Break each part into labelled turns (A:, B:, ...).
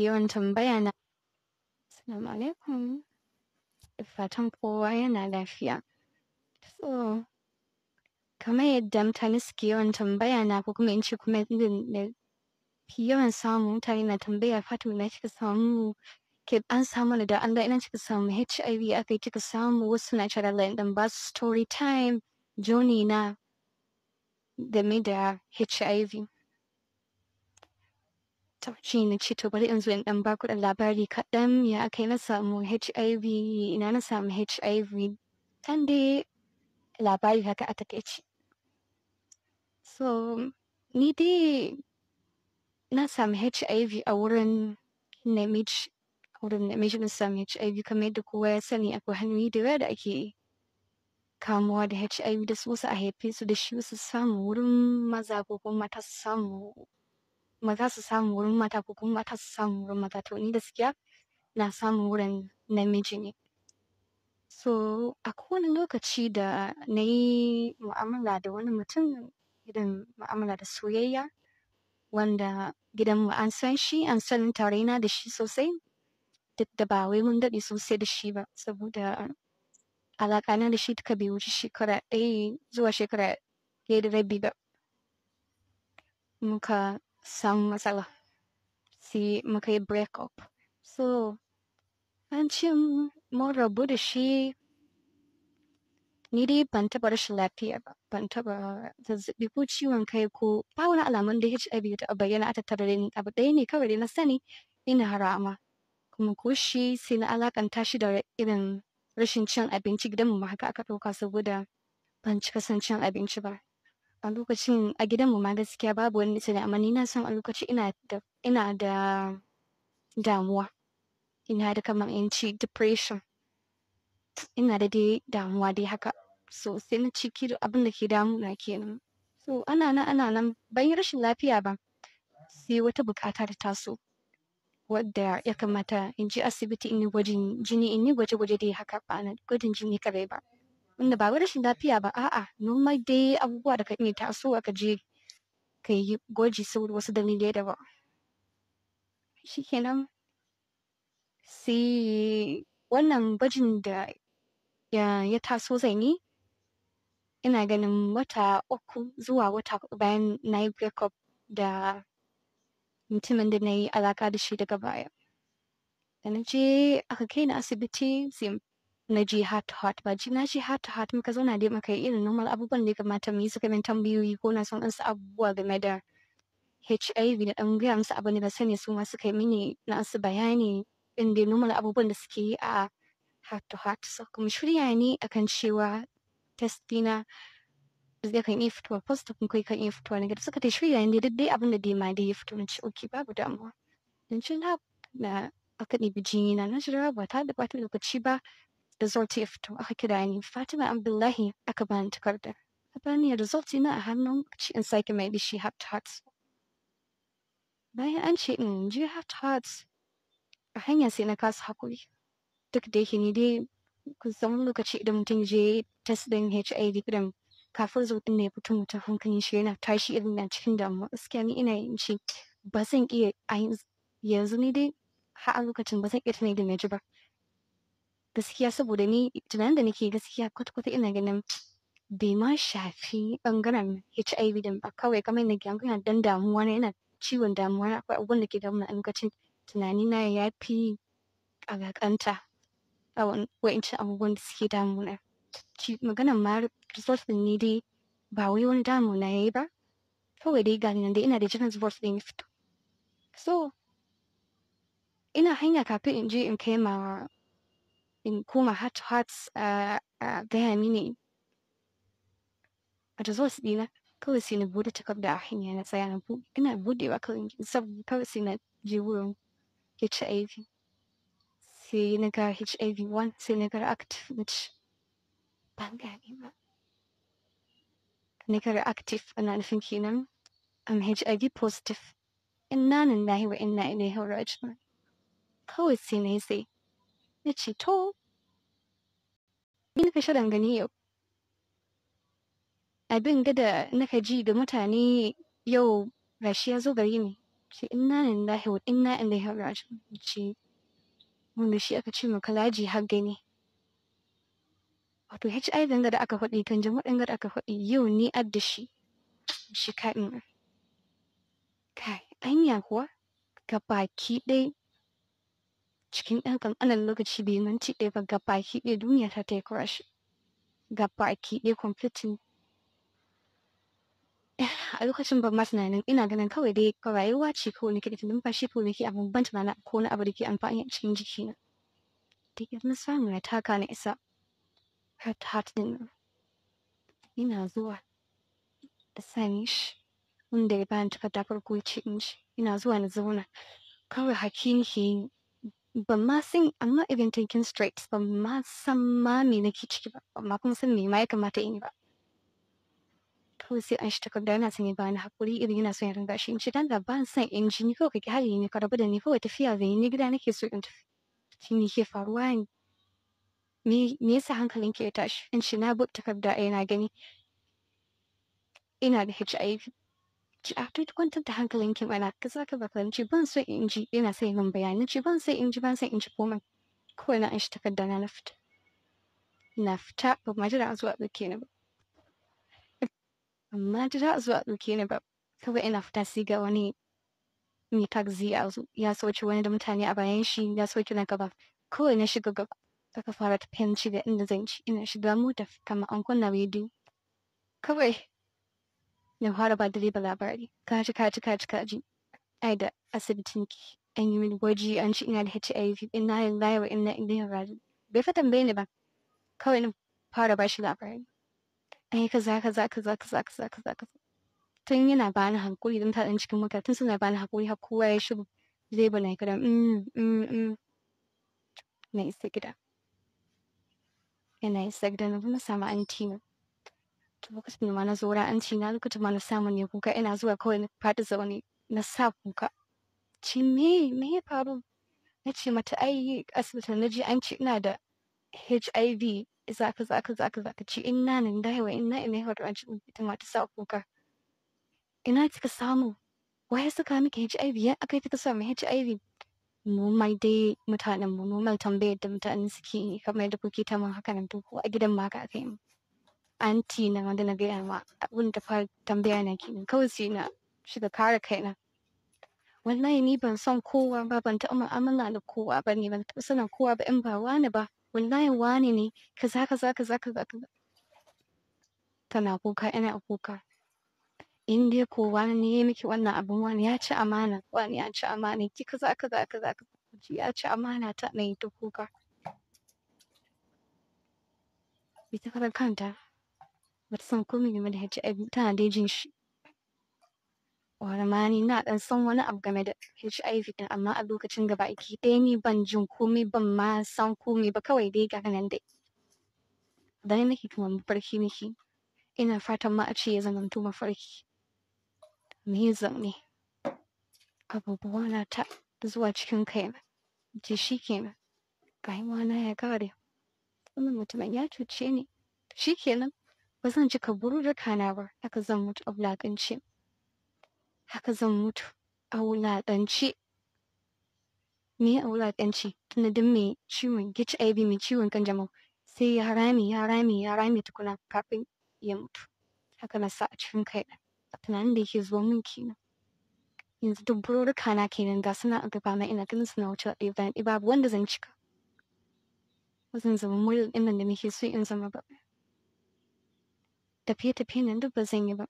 A: yawan tambaya na Assalamu alaikum fatan kowa yana lafiya so kamar yadda mutane suke yawan tambaya na ko kuma in ce kuma da yawan samu mutane na tambaya Fatima na cika samu ke an samu da Allah ina cika samu HIV aka cika samu wasu na cikin Allah dan ba su story time journey na game da HIV To na ce to bari in zo in dan baku da labari kaɗan ya aka yi na samu HIV ina na samu HIV kan dai labari haka a takaici. So ni dai na samu HIV a wurin namiji wurin namiji na samu HIV kamar yadda kowa ya sani akwai hanyoyi da yawa da ake kamuwa da HIV da su wasu a haife su da shi wasu samu wurin maza ko kuma mata su samu maza su samu wurin mata ko kuma mata su samu wurin maza to ni gaskiya na samun wurin namiji ne so a kowane lokaci da na yi mu'amala da wani mutum gidan mu'amala da soyayya wanda gidan mu an san shi an san tarena da shi sosai duk da ba wai mun daɗe sosai da shi ba saboda alaƙa na da shi duka bai wuce shekara ɗaya zuwa shekara ɗaya da rabi ba muka isang masalah si muka yi breakup. So, an mora mun rabu da shi ni dai ban taɓa rashin lafiya ba ban taɓa si ko ciwon kai ko ba wani alamun da HIV ta bayyana a bayyana da ni abu ɗaya ne kawai da na sani ina harama kuma ko shi sai na alakanta shi da irin rashin cin abinci gidanmu ma haka aka ɗauka saboda ban cika son cin abinci ba A lokacin a gidanmu ma gaskiya babu wani ya sani amma ni na san a lokacin ina da ina da damuwa. Ina da kamar in ce depression. Ina da dai damuwa dai haka. So sai na ciki da abin da ke damuna kenan. So ana nan ana nan ban yi rashin lafiya ba. Sai wata bukata da taso wadda ya kamata in je asibiti in yi gwajin jini in yi gwaje-gwaje dai haka ba na gwajin jini kare ba. wanda ba wai rashin lafiya ba a'a normal dai abubuwa da ka iya tasowa ka je ka yi gwaji saboda wasu dalilai daban kenan sai wannan gwajin da ya taso zan yi ina ganin wata uku zuwa wata huɗu bayan na yi breakup da mutumin da na yi alaƙa da shi daga baya da na je aka kai ni asibiti sai na je heart to heart ba na je heart to heart muka zauna dai muka yi irin normal abubuwan da ya kamata mu yi suka min tambayoyi ko na son in su abubuwa game da HIV da ɗan gaya musu abu ne ba sani su ma suka yi mini na su bayani in dai normal abubuwan da suke yi a heart to heart so kuma shirya ne akan cewa test dina zai kan iya fitowa post kuma kai kan iya fitowa ga suka ta shirya ne duk dai abin da dai ma dai ya fito ne ce okay babu damuwa dan cin na aka ɗibi jini na na shirya ba ta da ta lokaci ba Da result ya fito aka kira ni Fatima Abdullahi aka bani takardar a bani result na a hannun ci in sake mai dishi heart Hearts. bayan an ce in ji heart Hearts a hanya sai na kasa hakuri duk da yake ni dai kun san lokaci idan mutum je test din HIV din kafin zurfin na ya fito mutum hankalin shi yana tashi irin na cikin damuwa gaskiya ni ina yin shi ba zan iya yanzu ni dai har a lokacin ba zan iya tunai da na ji ba gaskiya saboda ni tunanin da nake gaskiya kwata-kwata ina ganin bai ma shafi ɓangaren HIV din ba kawai kamar yadda gyan kuna dan damuwa na yana ciwon damuwa na akwai abubuwan da ke damuwa a lokacin tunani na ya fi ƙaƙanta a wa'ancin abubuwan da suke na maganan ma resource din ni dai ba wai wani na ya yi ba kawai dai gani nan dai ina da jiran results din ya fito so ina hanya kafin in je in kai ma in kuma hat hats gaya mini a ta zuwa su dina kawai sai na bude takarda a hanya na tsaya na bu ina budewa kawai saboda kawai sai na je wurin HIV sai na ga HIV 1 sai na ga active na ci ban gane ba na ga active ana nufin kenan am HIV positive inna lillahi wa inna ilaihi raji'un kawai sai na yi sai Na ce, to, ni ka shirin gani yau. Abin gada na ji da mutane yau gashi ya zo gari ne Ce, na lillahi wa inna ilaihi raji'un. Ce, wanda shi aka ce maka laji har gani. Wato HIV da aka faɗi kan jama'a gada aka faɗi yau ni adda shi. Shi ka'in. Kai, anya kuwa? Ga baki ɗaya cikin ɗan ƙanƙanin lokaci bai minti ɗaya ba ki ɗaya duniya ta ta yi gaba gabaki ɗaya completely a lokacin ban ma tunanin ina ganin kawai dai ka rayuwa ce ko nake da numfashi ko ke abin ban tunanin ko na abu da ke amfani a cikin jikina da na samu na taka na isa heart heart din ina zuwa da sani shi wanda ya bani takardar farko ya ce in ina zuwa na zauna kawai haki ke yi ban ma san I'm not even thinking straight ban ma san ma me ke ciki ba ban ma kuma san me ma ya kamata in yi ba kawai sai an shi takarda yana son ya bani hakuri irin yana son ya ringa shi in ci dan da ban san in ji ni kawai ka hari ni ka rabu da ni kawai tafiya zan yi ni gida nake so in tafi shi ne ke faruwa ne me yasa hankalin ke ya tashi in ce na bu takarda ai na gani ina da HIV ki a ah, kai kwantar da hankalin ki mana ka saka ba fahimci ban so in ji ina sai min bayanin ci ban so in ji ban so in ji komai kawai na an shi takarda na fita na fita ba ma jira zuwa ɗauke ni ba amma jira zuwa ɗauke ni ba kawai ina fita sai ga wani mai taxi ya sauke, wani da mutane a bayan shi ya sauke na gaba kawai na shiga gaba aka fara tafiyan da inda zan ci ina shiga mota kama an kunna rediyo kawai Jamhara ba direba labari kaji kaji kaji kaji ai da asibitin ki an yi min gwaji an ci ina da HIV inna lillahi wa inna ilaihi raji'un bai fa tambaye ni ba kawai nan fara bashi labari ai kaza kaza kaza kaza kaza kaza kaza tun yana ba ni hankuri don ta ɗan cikin mota tun suna ba ni hakuri har kowa ya shiru zai yi kada mm mm mm na isa gida yana isa gida na kuma samu antina To lokacin da ma na zo wurin anci na lokacin ma na samu ne kuka ina zuwa kawai na faɗi zaune na sa kuka. Ci me me ya faru? Na ce mata ai asibitin na ji an ce ina da HIV za ka za ka za ka za ka ce inna lillahi wa inna ilaihi raji'un ita ma ta sa kuka. Ina kika samu? Waye suka miki HIV? Ya akai kika samu HIV? normal dai mutanen mu normal tambayar da mutanen suke kamar da kuke ta mun haka nan to ko a gidan ma ka aka yi mu anti na wanda na gaya ma abin da fara tambaya na ke kawai sai na shiga kare kaina wallahi ni ban san kowa ba ban taɓa amana da kowa ba ne ban taɓa sanin kowa ba in ba wani ba wallahi wani ne kaza kaza kaza kaza kaza tana kuka ina kuka in dai ko wani ne ya miki wannan abin wani ya ci amana wani ya ci amana ki kaza kaza kaza kaza ya ci amana ta na yi ta kuka ita kanta bata san komai game da HIV tana dai jin shi wani ma ni na ɗan san wani abu game da HIV ɗin amma a lokacin gaba baki ɗaya ni ban jin komai ban ma san komai ba kawai dai ga nan dai dan nake kuma mafarki nake ina fatan ma a ce ya zamanto mafarki me zaune abubuwa na ta zuwa cikin kai na. ji shi kenan rayuwa na ya kare wannan mutumin ya cuce ni shi kenan ba zan cika kana ba haka zan mutu a wulaƙance haka zan mutu a wulaƙance me a wulaƙance tunda duk mai ciwon HIV mai ciwon kanjamau sai ya rame ya rame ya rame tukuna kafin ya mutu haka na sa a cikin kai a tunanin da yake zuwa min kenan yanzu duk bururruka na kenan ga suna a gaba na ina ganin suna wuce ɗaya bayan ɗaya babu wanda zan cika ba zan zama muryar ɗin nan da muke so in zama ba tafiye tafiye nan duk ba zan yi ba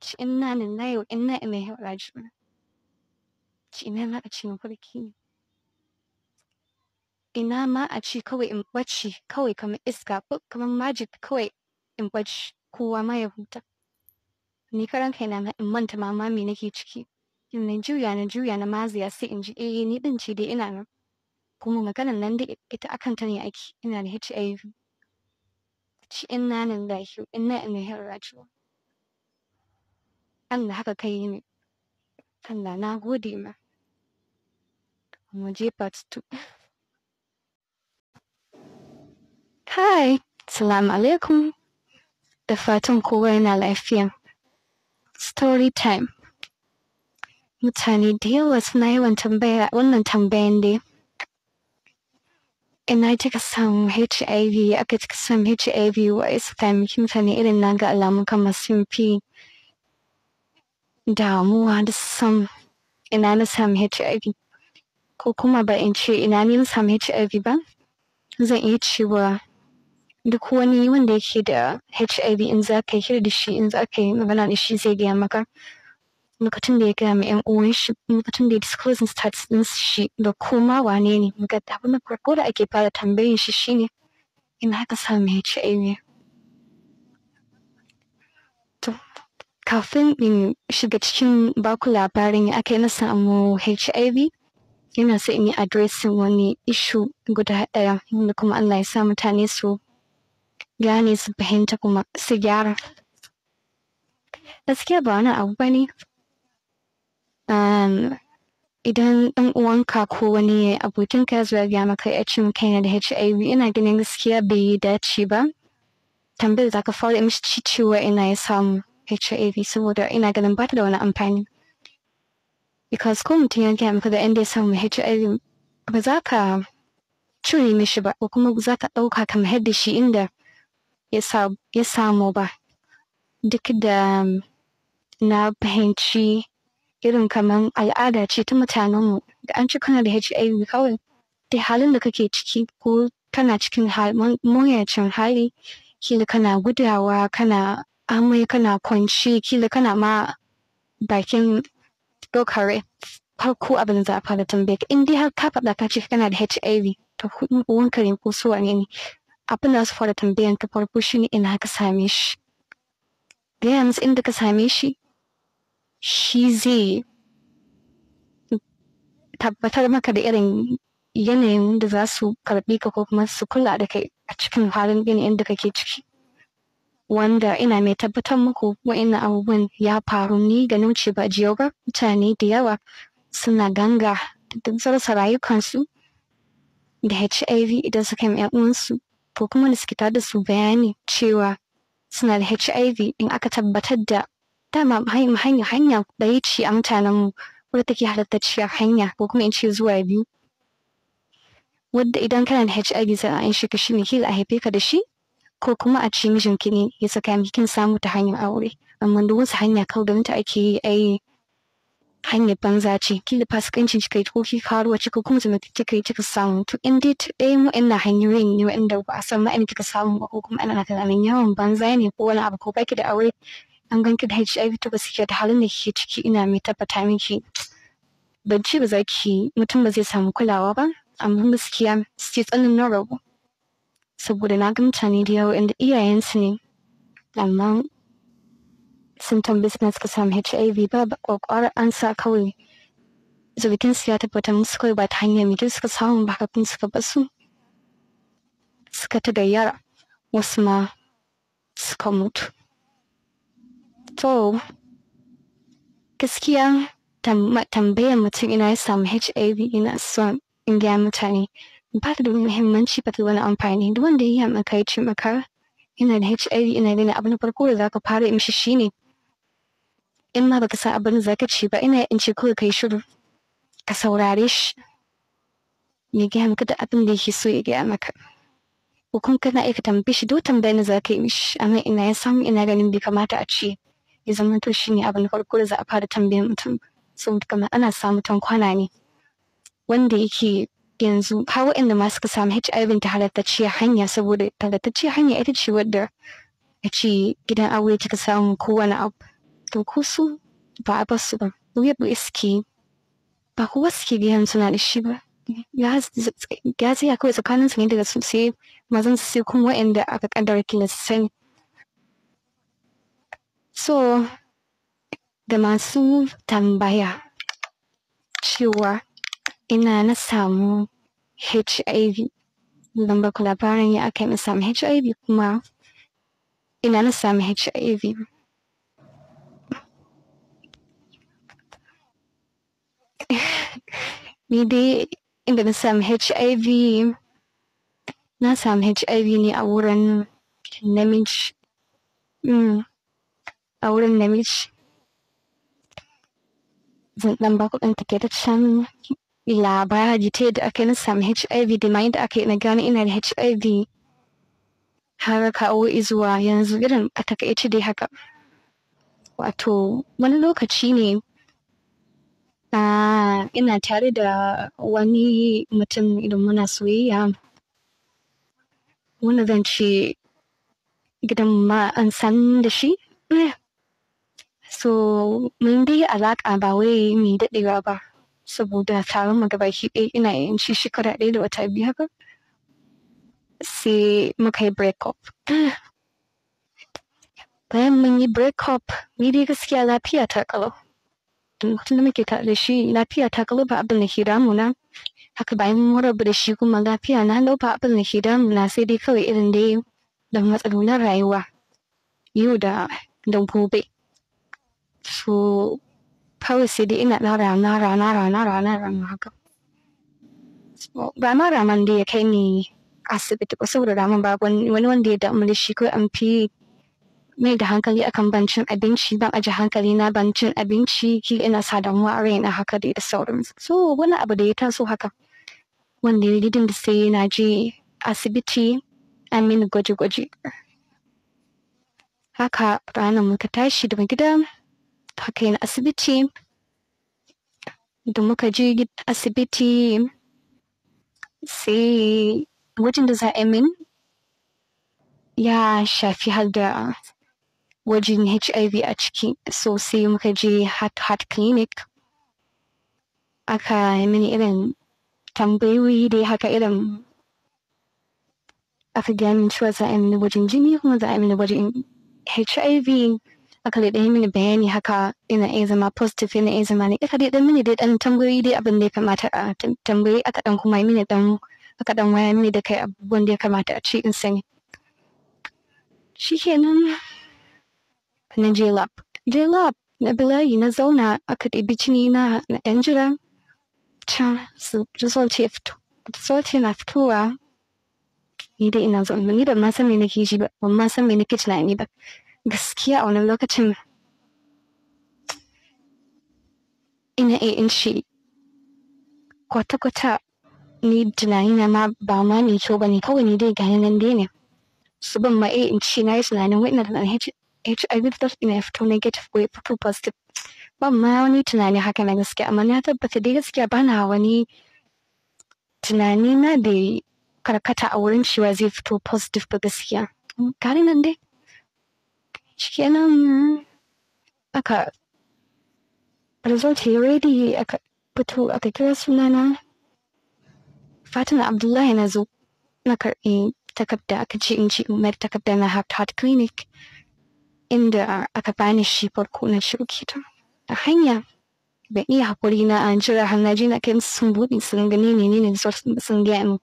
A: ci na in wa a yau, raji'un ci ina ma a ce mafarki ne ina ma a ce kawai in bacci kawai kamar iska ko kamar magic kawai in bacci kowa ma ya huta ni karan kaina na in manta mama na nake ciki in na juya na juya na maziya sai in ji eh ni din ce dai ina nan kuma maganar nan da ita akan ta ne ake ina da HIV ci inna lillahi wa inna ilaihi raji'un Allah haka kai ne Allah na gode ma mu je part Hi. salamu alaikum da fatan kowa yana lafiya story time mutane da yawa suna yawan tambaya wannan tambayan dai ina kika samu HIV aka kika samu HIV wa isa miki mutane irin na ga alamu kamar fi damuwa da sam ina na samu HIV ko kuma ba in ce ina ne na samu HIV ba zan iya cewa duk wani wanda yake da HIV in za ka yi da shi in za ka yi magana da shi zai gaya maka lokacin da ya gaya ma yan uwan shi lokacin da ya disclosing stats din shi da kuma wane ne ga abu na farko da ake fara tambayin shi shine ina haka samu HIV to kafin in shiga cikin baku labarin ya aka yi na samu HIV yana so in yi addressing wani ishu guda ɗaya Wanda kuma Allah ya sa mutane su gane su fahimta kuma su gyara gaskiya ba wani abu ba ne. um, idan ɗan uwanka ko wani abokinka ya zuwa ya maka ya ce maka yana da HIV ina ganin gaskiya bai yi dace ba tambayar da ka fara mishi cewa ina ya samu HIV saboda ina ganin bata da wani amfani because ko mutum ya gaya maka da inda ya samu HIV ba za ka cire mishi ba ko kuma za ka ɗauka ka mayar da shi inda ya samu ba duk da na fahimci irin kamar al'ada ce ta mutanenmu da an ci kana da HIV kawai da halin da kake ciki ko kana cikin muryacin hali kila kana gudawa kana amai kana kwanci kila kana ma bakin dokare farko abin za a fara tambaye ka in dai har ka faɗa ka ce kana da HIV to wanka ne ko su wane ne abin da su fara tambayan ka farko ne ina ka same shi gaya musu inda ka same shi shi zai tabbatar maka da irin yanayin da za su karɓi ka ko kuma su kula da kai a cikin halin yanayin da kake ciki wanda ina mai tabbatar muku ina abubuwan ya faru ni ga nuce ba jiyo ba mutane da yawa suna ganga da rasa rayukansu da hiv idan suka yi uwansu ko kuma da suke da su bayani cewa suna da hiv in aka tabbatar da dama hanya hanya ɗaya ce a mutanenmu wadda take halattacciyar hanya ko kuma in ce zuwa biyu wadda idan kana da HIV za a yi shi shi ne kila a haife ka da shi ko kuma a ci mijinki ne ya saka miki kin samu ta hanyar aure amma da wasu hanya kawai da ta ake yi a yi hanyar banza ce kila fasikancin cikai yi ko ki karuwa kika kuma zama kika yi kika samu to in dai ta ɗaya mu ina hanyoyin ne wa'anda ba a san ma'aikata kika samu ba ko kuma ana tunanin yawan banza ne ko wani abu ko baki da aure an gan ki da HIV ta kike da halin da ke ciki ina mai tabbata miki ban ce ba za ki mutum ba zai samu kulawa ba amma gaskiya suke tsanin na rabu saboda na ga mutane da yawa inda iyayensu ne amma sun tambi suna suka samu HIV ba kwakwar an sa kawai su ya tabbata musu kawai ba ta hanyar mai suka samu ba kafin suka basu suka ta gayyara wasu ma suka mutu To, gaskiya tambayan mutum ina ya samu HIV ina so in gaya mutane ba ta da muhimmanci ba ta wani amfani duk wanda ya yi maka ya ce maka ina da HIV ina da abu na farko da za ka fara in shi ne. in ma ka san abin da ka ci ba ina in ce kawai kai shiru ka saurare shi ya gaya maka da abin da yake so ya gaya maka ko kuma kana aika tambaye shi duk tambayar da zaka yi mishi amma ina ya samu ina ganin bai kamata a ce ya zama to ne abu na farko da za a fara tambayar mutum saboda kamar ana samu tankwana ne wanda yake yanzu ha wa'anda ma suka samu HIV ta halattacciyar hanya saboda halattacciyar hanya ita ce wadda a ce gidan aure cika samu kowane abu to ko su ba a basu su ba wuyar ba iske ba kowa suke biyan suna da shi ba ya ya kawai tsakanin su ne daga su sai mazan su sai kuma waɗanda aka kaddara kila su sani So, the Gamasuv tambaya cewa ina na samu HIV. Lamba ku labarin ya aka yi na samu HIV kuma ina na samu HIV. Maybe dai the na samu HIV na samu HIV ne a wurin namiji. a wurin namiji zan dan ba ku ɗan takaitaccen labari ta yadda aka yi na HIV da ma yadda aka na gano ina da HIV har zuwa yanzu irin a takaice dai haka wato wani lokaci ne a ina tare da wani mutum idan muna soyayya Wannan zan ce gidan ma an san da shi mun dai alaƙa ba wai mai daɗewa ba saboda taron mu ki ɗaya ina yin shi shekara ɗaya da wata biyar ba sai muka yi break up bayan mun yi break up ni dai gaskiya lafiya ta kalau mutum da muke ta- da shi lafiya ta kalau ba abin da ke damuna haka bayan mun rabu da shi kuma lafiya na lau ba abin da ke damuna sai dai kawai irin dai da matsalolin rayuwa yau da gobe to kawai sai dai ina ɗan rana rana rana rana rana haka ba ma raman da ya kai ni asibiti ba saboda raman ba wani wanda ya damu da shi ko an fi mai da hankali akan bancin abinci ban aje hankali na bancin abinci ki ina sa damuwa a raina haka da sauransu so wani abu da ya taso haka wanda ya da sai na je asibiti an mini gwaje-gwaje haka ranar muka tashi daga gida aka yi na asibiti da muka je asibiti sai wajen da za a min ya shafi har da wajen hiv a ciki so sai muka je heart heart clinic aka mini irin tambayoyi dai haka irin aka gani cewa za a mini wajen jini kuma za a yi mini wajen hiv aka dai yi mini bayani haka ina iya zama positive ina iya zama ne aka dai mini dai dan tambayoyi dai abin da ya kamata a tambayi aka dan kuma mini dan aka dan waya mini da kai abubuwan da ya kamata a ci in sani shikenan na je lab je lab na bilayi na zauna aka ɗebi jini na na yan jira can su result ya fito result na fitowa ni dai ina zauna. ni da ma san me nake ji ba ban ma san me nake tunani ba gaskiya a wannan lokacin ina e iya shi kwata-kwata ni tunanina ma ba ma ne kyau ba ne kawai ne dai gani nan dai ne su ban ma e in ce na yi tunanin wai ina da HIV test ina ya fito negative ko ya fito positive ban ma wani tunani haka na gaskiya amma na tabbata dai gaskiya ba na wani tunani na da karkata a wurin cewa zai fito positive ba gaskiya Gari nan dai shikenan aka result ya aka fito aka kira sunana fatima abdullahi na zo na karɓi takarda aka ce in ji umar takarda na heart heart clinic inda aka bani shi farko na shi ta a hanya ban iya hakuri na an jira har na je na kai sun buɗe sun gani ne ne ne sun gaya min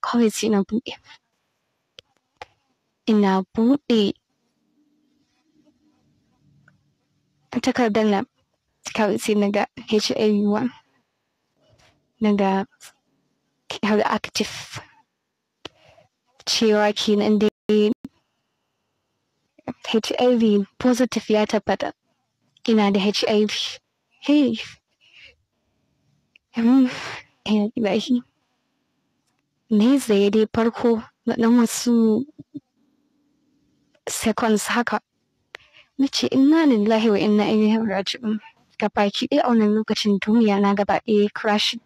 A: kawai sai na buɗe ina buɗe takardar na kawai sai hiv1 na ga har active cewa hiv positive yata pata, ina da hiv hey ilahi na zai dai farko na dan wasu seconds haka na ce inna lillahi wa inna ilaihi raji'un baki ɗaya a wannan lokacin duniya na gaba ɗaya crash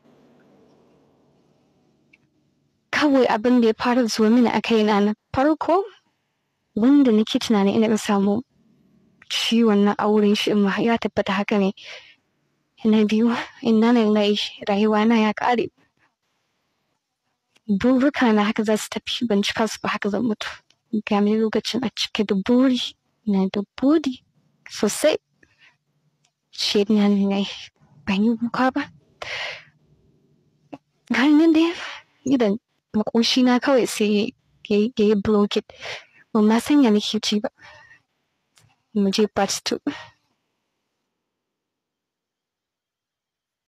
A: kawai abin da ya fara zuwa mini a kaina na farko wanda nake tunanin ina da samu ciwon na auren shi in ya tabbata haka ne na biyu inna lillahi rayuwa na ya ƙare burika na haka za su tafi ban cika su ba haka zan mutu ga lokacin a cike da buri Ny boribory, sase, jery ny aninay magnivoka aby Nganindeh ilany ushina akao izay bloky, omasanya ny hidriva. Mandray patsotra.